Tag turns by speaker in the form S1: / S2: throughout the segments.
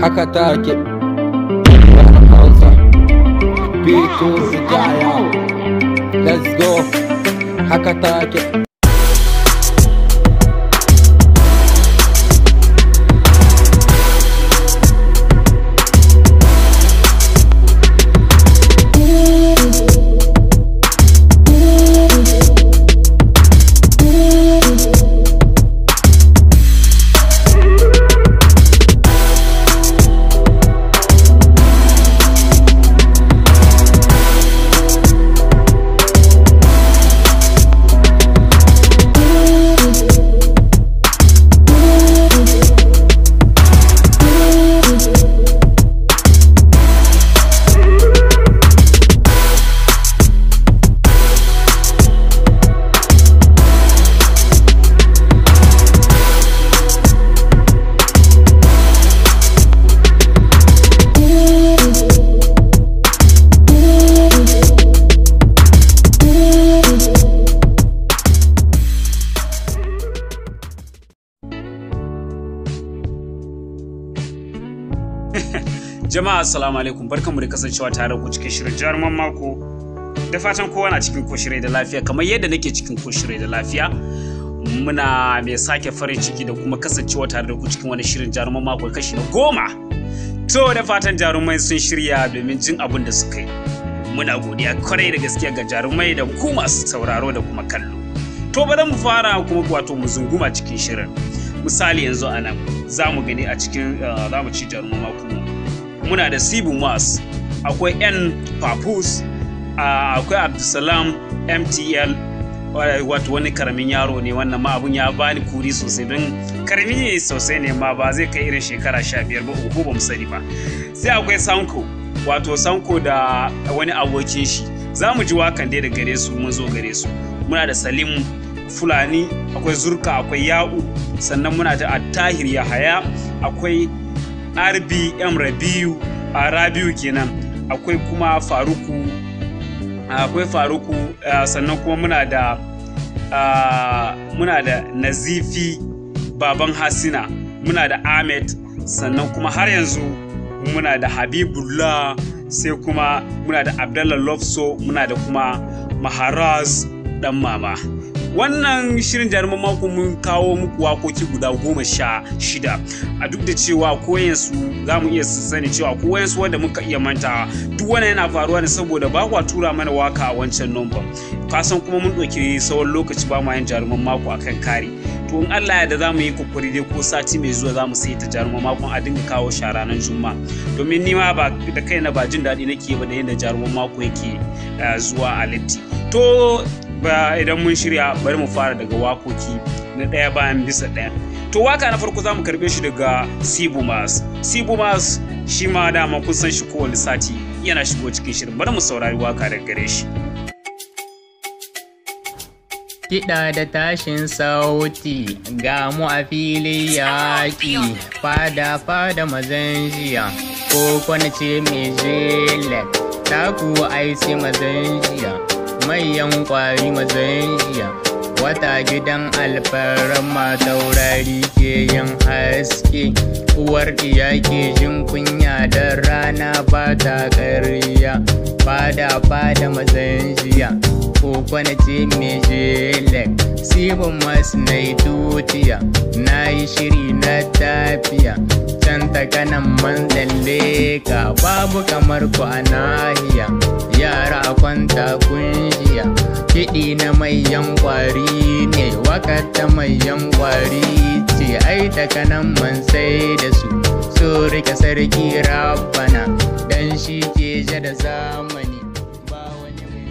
S1: haka take hausa b2 let's go haka take
S2: assalamu alaikum mu da kasancewa tare ku cikin shirin jaruman mako da fatan kowa na cikin koshirai da lafiya kamar yadda nake cikin koshirai da lafiya muna mai sake farin ciki da kuma kasancewa tare da ku cikin wani shirin jaruman mako kashi na goma to da fatan jarumai sun shirya domin jin abin da suka yi muna godiya kwarai da gaskiya ga jarumai da ku masu sauraro da kuma kallo to bari mu fara kuma wato mu zunguma cikin shirin misali yanzu anan za mu gani a cikin eh, za mu ci jaruman mako muna da sibu mas akwai n papus akwai abdulsalam mtl wato wani karamin yaro ne wannan ma abun ya bani kuri sosai don karami ne sosai ne ma ba zai kai irin shekara sha biyar ba ko ba mu sani ba sai akwai sanko wato sanko da wani abokin shi za mu ji wakan dai da gare su mun zo gare su muna da salim fulani akwai zurka akwai ya'u sannan muna da attahir yahaya akwai rbm rabiu a rabiu kenan akwai kuma faruku akwai faruku sannan kuma muna da muna da nazifi baban hasina muna da ahmed sannan kuma har yanzu muna da habibullah sai kuma muna da abdallah lofso muna da kuma maharaz dan mama wannan shirin jaruman mako mun kawo muku wakoki guda goma sha shida a duk da cewa koyansu za mu iya sani cewa koyansu wanda muka iya manta duk wannan yana faruwa ne saboda ba kwa tura mana waka a wancan nomba kasan kuma mun ɗauki tsawon lokaci ba ma yin jaruman mako a kan kare to in Allah ya da za mu yi kokari dai ko sati mai zuwa za mu sai ta jaruman makon a dinga kawo shara ranar juma domin ni ma ba da kaina ba jin daɗi nake ba da yadda jaruman mako yake eh, zuwa a latti to ba idan mun shirya bari mu fara daga wakoki na ɗaya bayan bisa ɗaya to waka na farko za mu karɓe shi daga sibumas sibumas shi ma dama kun san shi kowane sati yana shigo cikin shirin bari mu saurari waka daga gare shi
S1: Kiɗa da tashin sauti ga mu a fili yaƙi fada fada mazan jiya ko kwanace mai jele taku aisi mazan jiya manyan kwari matsayin wata gidan alfarma taurari ke yin haske
S2: uwar iya ke jin kunya da rana ba ta ƙarya fada fada matsayin jiya ko na ce mejelek
S1: sibon masu na yi na yi shiri na tafiya can takanan man tsalle ka babu kamar ku a yara a kwanta kunshiya kiɗi na mayan kwari ne wakata mayan kwari ce ai takanan man sai da su
S2: so rike sarki rabana dan shi ke da zamani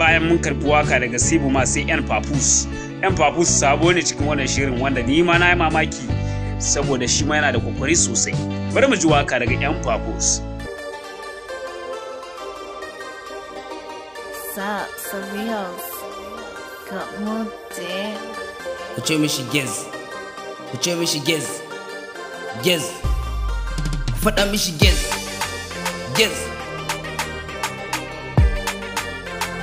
S2: bayan mun karbi waka daga sibu ma sai yan papus yan papus sabo ne cikin wannan shirin wanda ni ma na yi mamaki saboda shi ma yana da kokari sosai bari mu ji waka daga yan papus ku ce mishi gez ku ce mishi gez gez faɗa mishi gez gez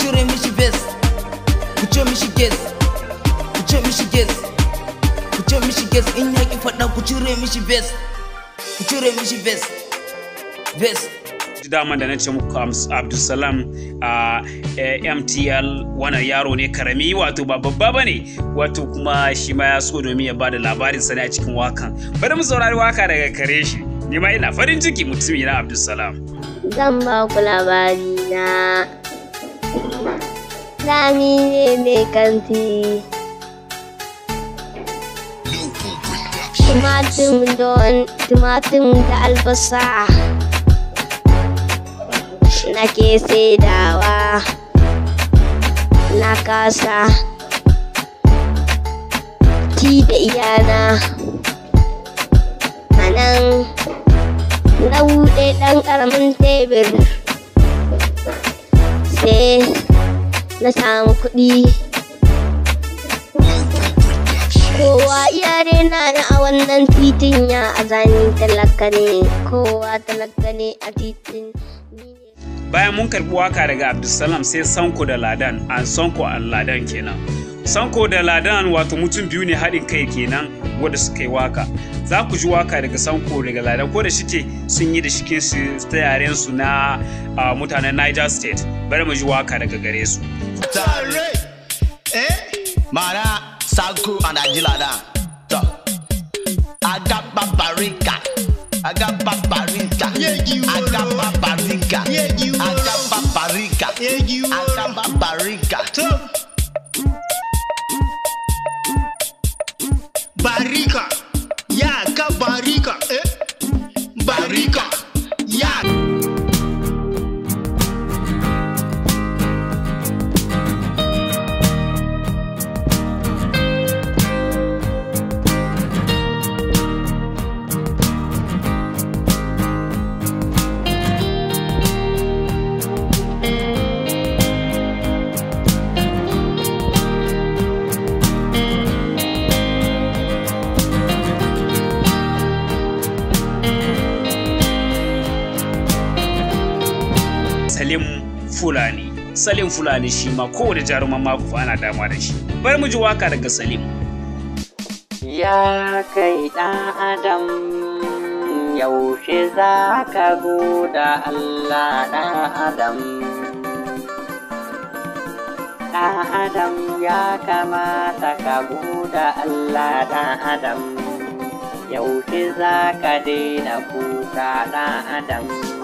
S2: cire mishi bes ku ce mishi gas ku ce mishi gas ku ce mishi gas in ya ki faɗa ku cire mishi bes ku cire mishi vest vest dama da na ce muku abdulsalam a mtl wannan yaro ne karami wato ba babba ba ne wato kuma shi ma ya so domin ya bada labarin sani a cikin wakan bari mu saurari waka daga kare shi ni ma ina farin ciki mutum na abdulsalam
S1: zan ba ku labari na Rani ne mai kanti. Tumatum don tumatum da albasa nake saidawa na kasa ci da iyana a nan na buɗe ɗan ƙaramin tebur. ne na samu kuɗi kowa iyare na na a wannan titin ya azani talaka ne kowa talaka ne a titin
S2: bayan mun karɓi waka daga abdulsalam sai sanko da ladan an ah, sanko an ah, ladan kenan sanko da ladan wato mutum biyu ne haɗin kai kenan wadda suka yi waka za ku ji waka daga sanko daga lada ko da shike sun yi da shike su ta yaren su na mutanen niger state bari mu ji waka daga gare su eh mara sanko and ajilada to agaba barika agaba barika aga babarika agaba barika agaba barika barriga. salim fulani shi ma kowane jaruman maku ana dama da shi bar mu ji waka daga salim
S1: ya kai ɗan adam
S2: yaushe
S1: za ka goda allah ɗan adam ɗan adam ya kamata ka goda allah ɗan adam yaushe za ka daina kuka ɗan adam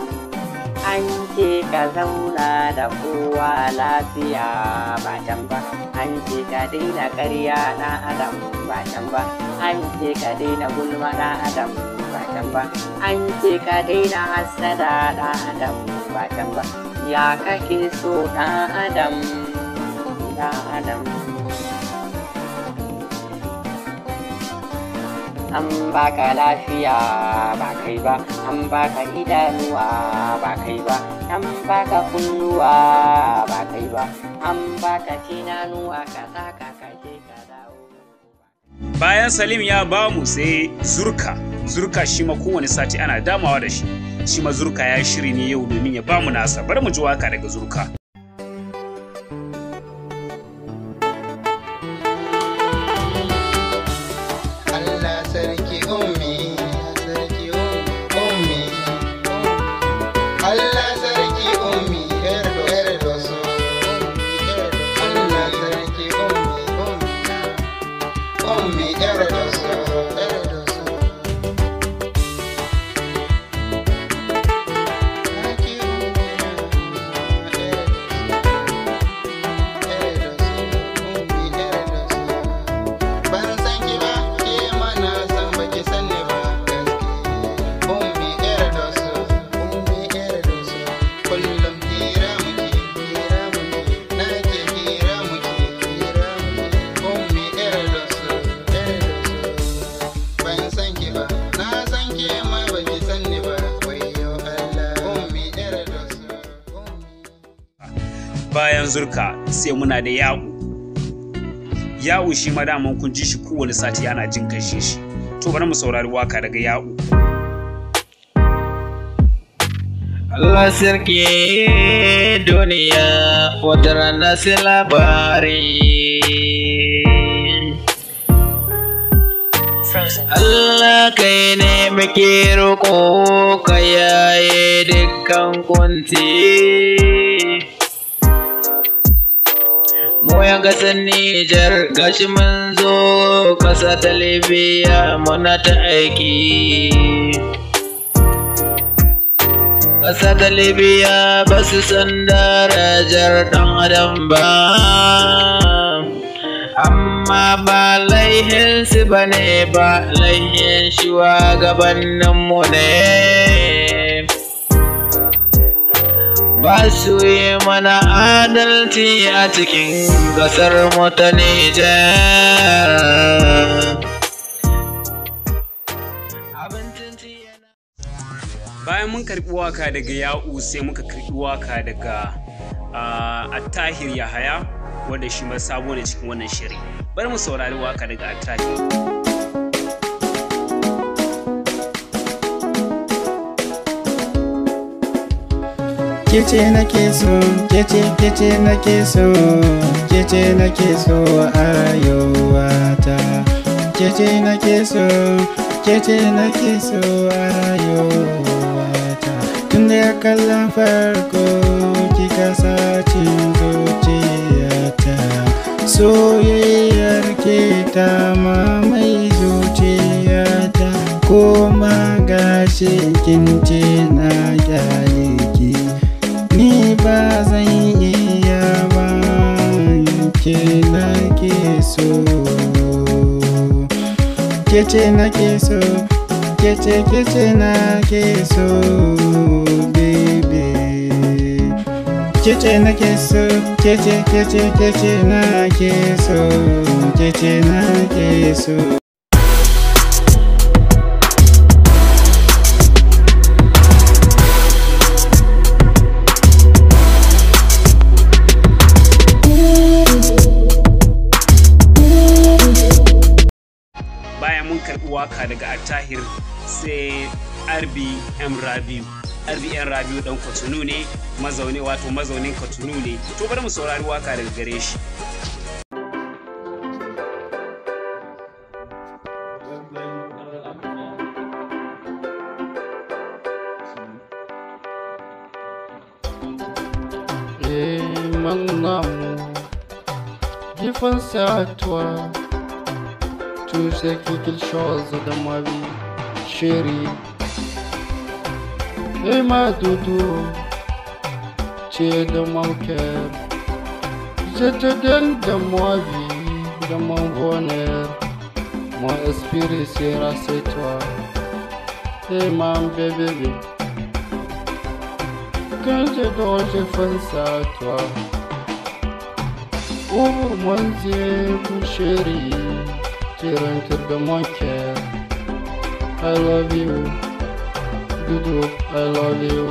S1: an ce ka zauna da kowa lafiya ba can ba an ce ka daina karya na adam ba can ba an ce ka daina gulma na adam ba can ba an ce ka daina hasada na adam ba can ba ya kake so na adam na adam an baka lafiya ba kai ba an baka idanuwa ba kai ba an baka kunnuwa ba kai ba an baka tinanuwa ka taka ka je ka dawo
S2: bayan salim ya ba mu sai zurka zurka shi ma kowane sati ana damawa da shi shi ma zurka ya shiri ne yau domin ya ba mu nasa bar mu ji waka daga zurka
S1: only editor.
S2: zurka sai muna da yawo yawo shi ma daman kun ji shi kowane sati ana jin kashe shi to bari mu saurari waka daga yawo Allah sarki duniya
S1: wata rana sai labari Allah kai ne muke roƙo ka yaye dukkan kunti. ya gasar Nijar gashi mun zo ƙasa ta Libya muna ta aiki. Ƙasa ta Libya ba su san darajar ɗan adam ba. amma ba laihinsu ba ne ba laihin shugabanninmu ne. ba yi mana adalci a cikin gasar ta Nijar.
S2: Bayan mun karɓi waka daga ya'u sai muka karɓi waka daga attahir yahaya wanda shi ma sabo ne cikin wannan shirin, Bari mu saurari waka daga attahir.
S1: kece nake so kece kece nake so kece nake so a rayuwata kece nake so kece nake so a rayuwata Tunda ya kallon farko kika sacin zuciyata soyayyar ke ta mamaye zuciyata ko ma gashi kin ce na gyale ke nake so kece nake so kece na nake so baby kece nake so kece kece nake so
S2: daga attahir sai rbm rabiu rbm rabiu dan kotunu ne mazaune wato mazaunin kotunu ne to bari mu saurari waka daga gare shi
S1: Eh amour, il pense C'est quelque chose dans ma vie, chérie. Et ma doudou, tu es dans mon cœur. Je te donne de ma vie, de mon bonheur. Mon esprit sera c'est toi. Et ma bébé, quand je dors, je pense à toi. Oh mon Dieu, mon chéri tyrant to the monkey. I love you, Dudu, I love you.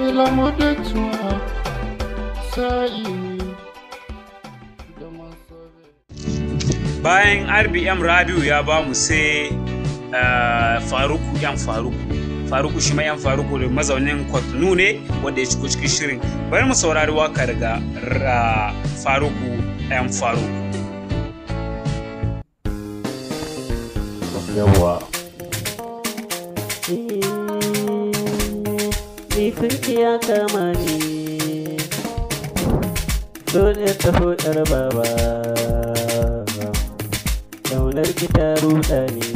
S1: Il amour de toi, Say you. est.
S2: Bayan RBM Rabiu ya ba mu sai eh, Faruku yan Faruku. Faruku shi ma yan Faruku da mazaunin Kwatnu ne wanda ya ciko cikin shirin. Bari mu saurari waka daga Faruku yan Faruku. يوا
S1: Ifirki ya kama ni Dole ta hudar baba Daular ki ta ruɗa ni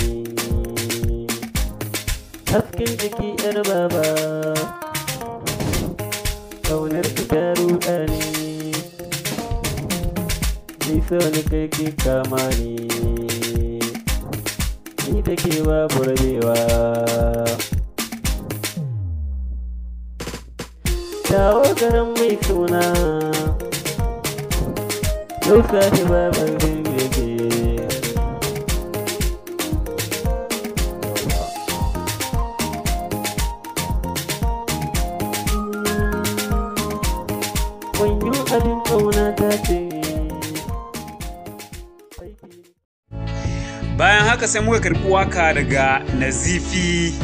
S1: Haskin jiki yar baba Daular ki ta ruɗa ni Ni so ni kai ki kama ciki babu rabewa dawo garin mai suna yau sashi babu rabewa
S2: haka sai muka karɓi waka daga nazifi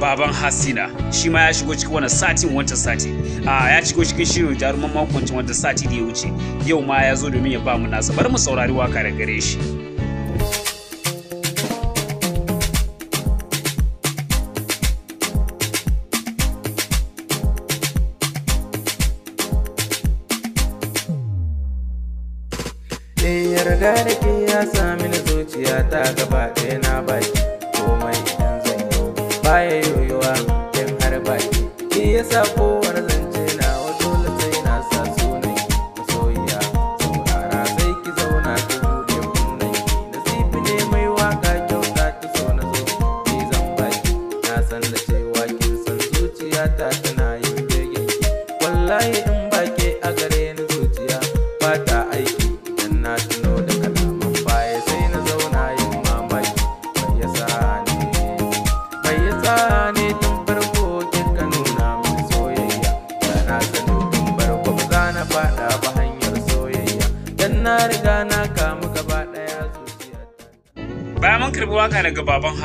S2: baban hasina shi ma ya shigo cikin wannan satin wancan sati a ya shigo cikin shirin jaruman makoncin wanda sati da ya wuce yau ma ya zo domin ya ba mu nasa bari mu saurari waka da gare shi
S1: eh, yarda zuciya ta gaba ɗaya na baki komai in zan yi baya yoyuwa in har baki shi yasa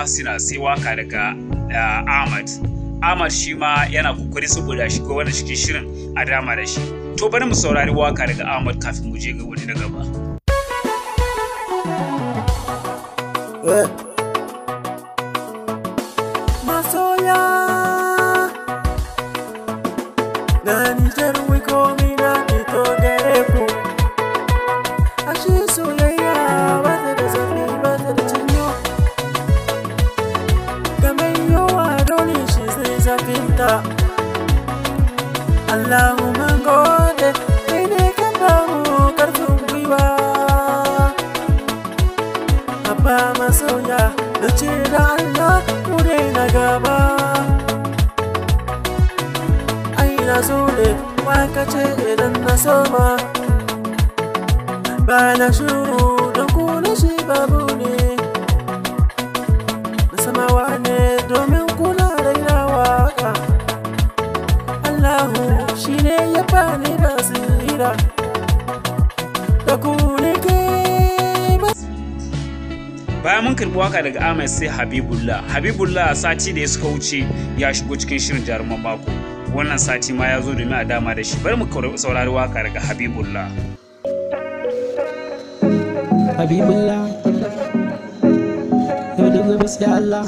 S2: suna sai waka daga eh, ahmad ahmad shi ma yana kokari saboda shi ga wanda cikin shirin a dama da shi to bari mu saurari waka daga ahmad kafin mu je ga wani na gaba
S1: eh, Bana shiru don kuna shi babu ne Na samawa ne domin kuna raina waka Allahu shi ne ya bani basira
S2: Da ku ke bayan mun karbi waka daga Ahmed sai Habibullah Habibullah sati da ya suka wuce ya shigo cikin shirin jaruman mako wannan sati ma ya zo domin a dama da shi bari mu saurari waka daga Habibullah habibullah
S1: yau da gobe Allah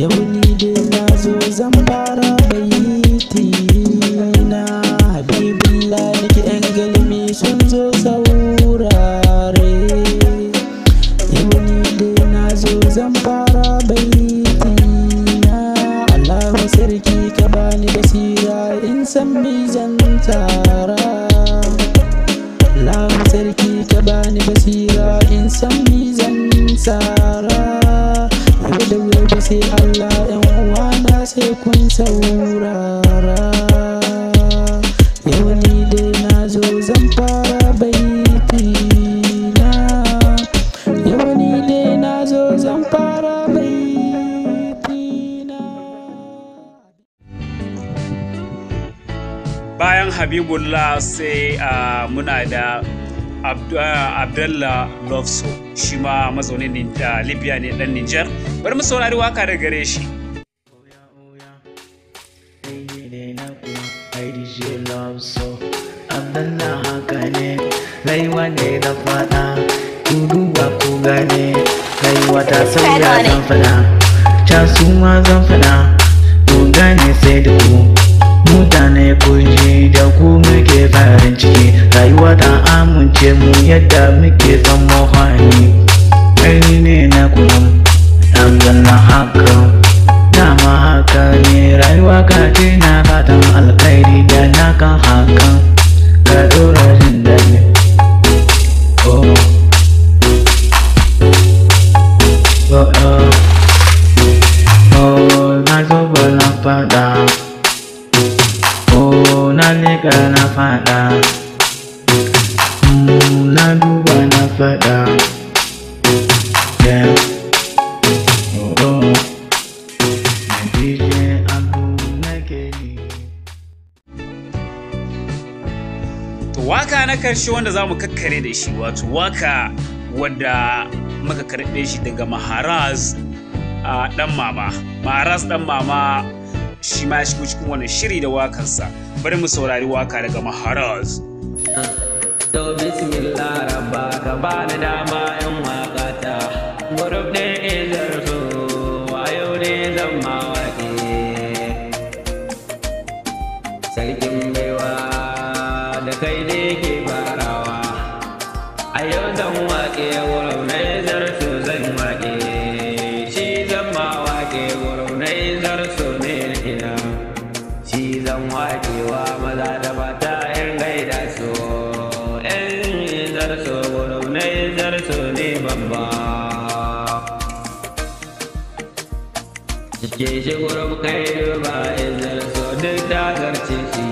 S1: yau ni dai zo zan
S2: habibullah sai muna da abdullah lovso shi ma mazaunin libya ne dan niger bari mu saurari waka da gare shi
S1: Abdullah haka ne, raiwa ne da fada, duduwa ku gane, raiwa ta sauya zan fada, can su ma zan fada, ku gane sai da ku. mutane kunji da ku muke farin ciki rayuwa ta amince mu yadda muke san mahani ne na kullum
S2: shi wanda za mu kakkare da shi wato waka wadda muka karɓe shi daga maharaz ɗan mama maharaz ɗan mama shi ma ya shigo cikin wani shiri da wakansa bari mu saurari waka daga maharaz so bismillah rabba ka bani dama yan wakata, ta ne izar wayo ne zama. Ke shi gurin kai ba izar so duk ta ciki,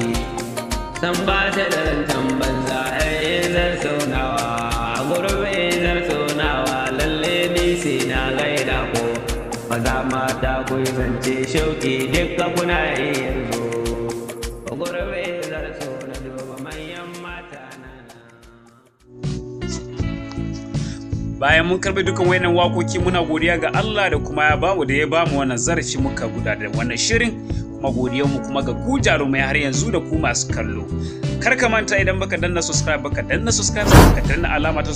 S2: san ba ta ɗarantan banza ‘yan eh, izar saunawa, gurin izar saunawa lalle na gaida ko, maza mata ku zance shauki duk kuna iya yanzu. bayan mun karbi dukan wayannan wakoki muna godiya ga Allah da kuma ya bamu da ya bamu wannan zarafi muka guda da wannan shirin kuma godiyar mu kuma ga ku jarumai har yanzu da ku masu kallo kar ka manta idan baka danna subscribe baka danna subscribe baka danna alama ta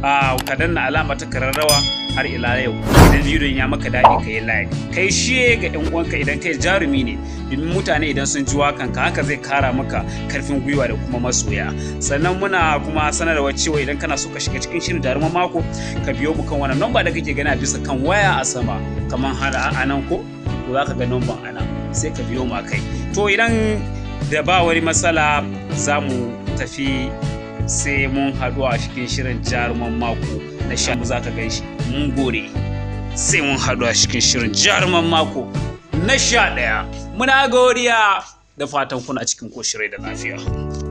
S2: Ah, ka danna alama ta kararrawa har ila yau idan bidiyon ya maka daɗi ka yi like kai shiye ga yan uwanka idan kai jarumi ne domin mutane idan sun ji wakan ka haka zai kara maka karfin gwiwa da kuma masoya sannan muna kuma sanarwa cewa idan kana so ka shiga cikin shirin jaruman mako ka biyo mu kan wannan namba da kake gani a bisa kan waya a sama kamar hada a nan ko to za ka ga number a nan sai ka biyo mu a kai to idan da ba wani matsala za mu tafi sai mun haɗu a cikin shirin jaruman mako na sha za ka gan mun gore sai mun haɗu a cikin shirin jaruman mako na sha ɗaya muna godiya da fatan kuna cikin koshirai da lafiya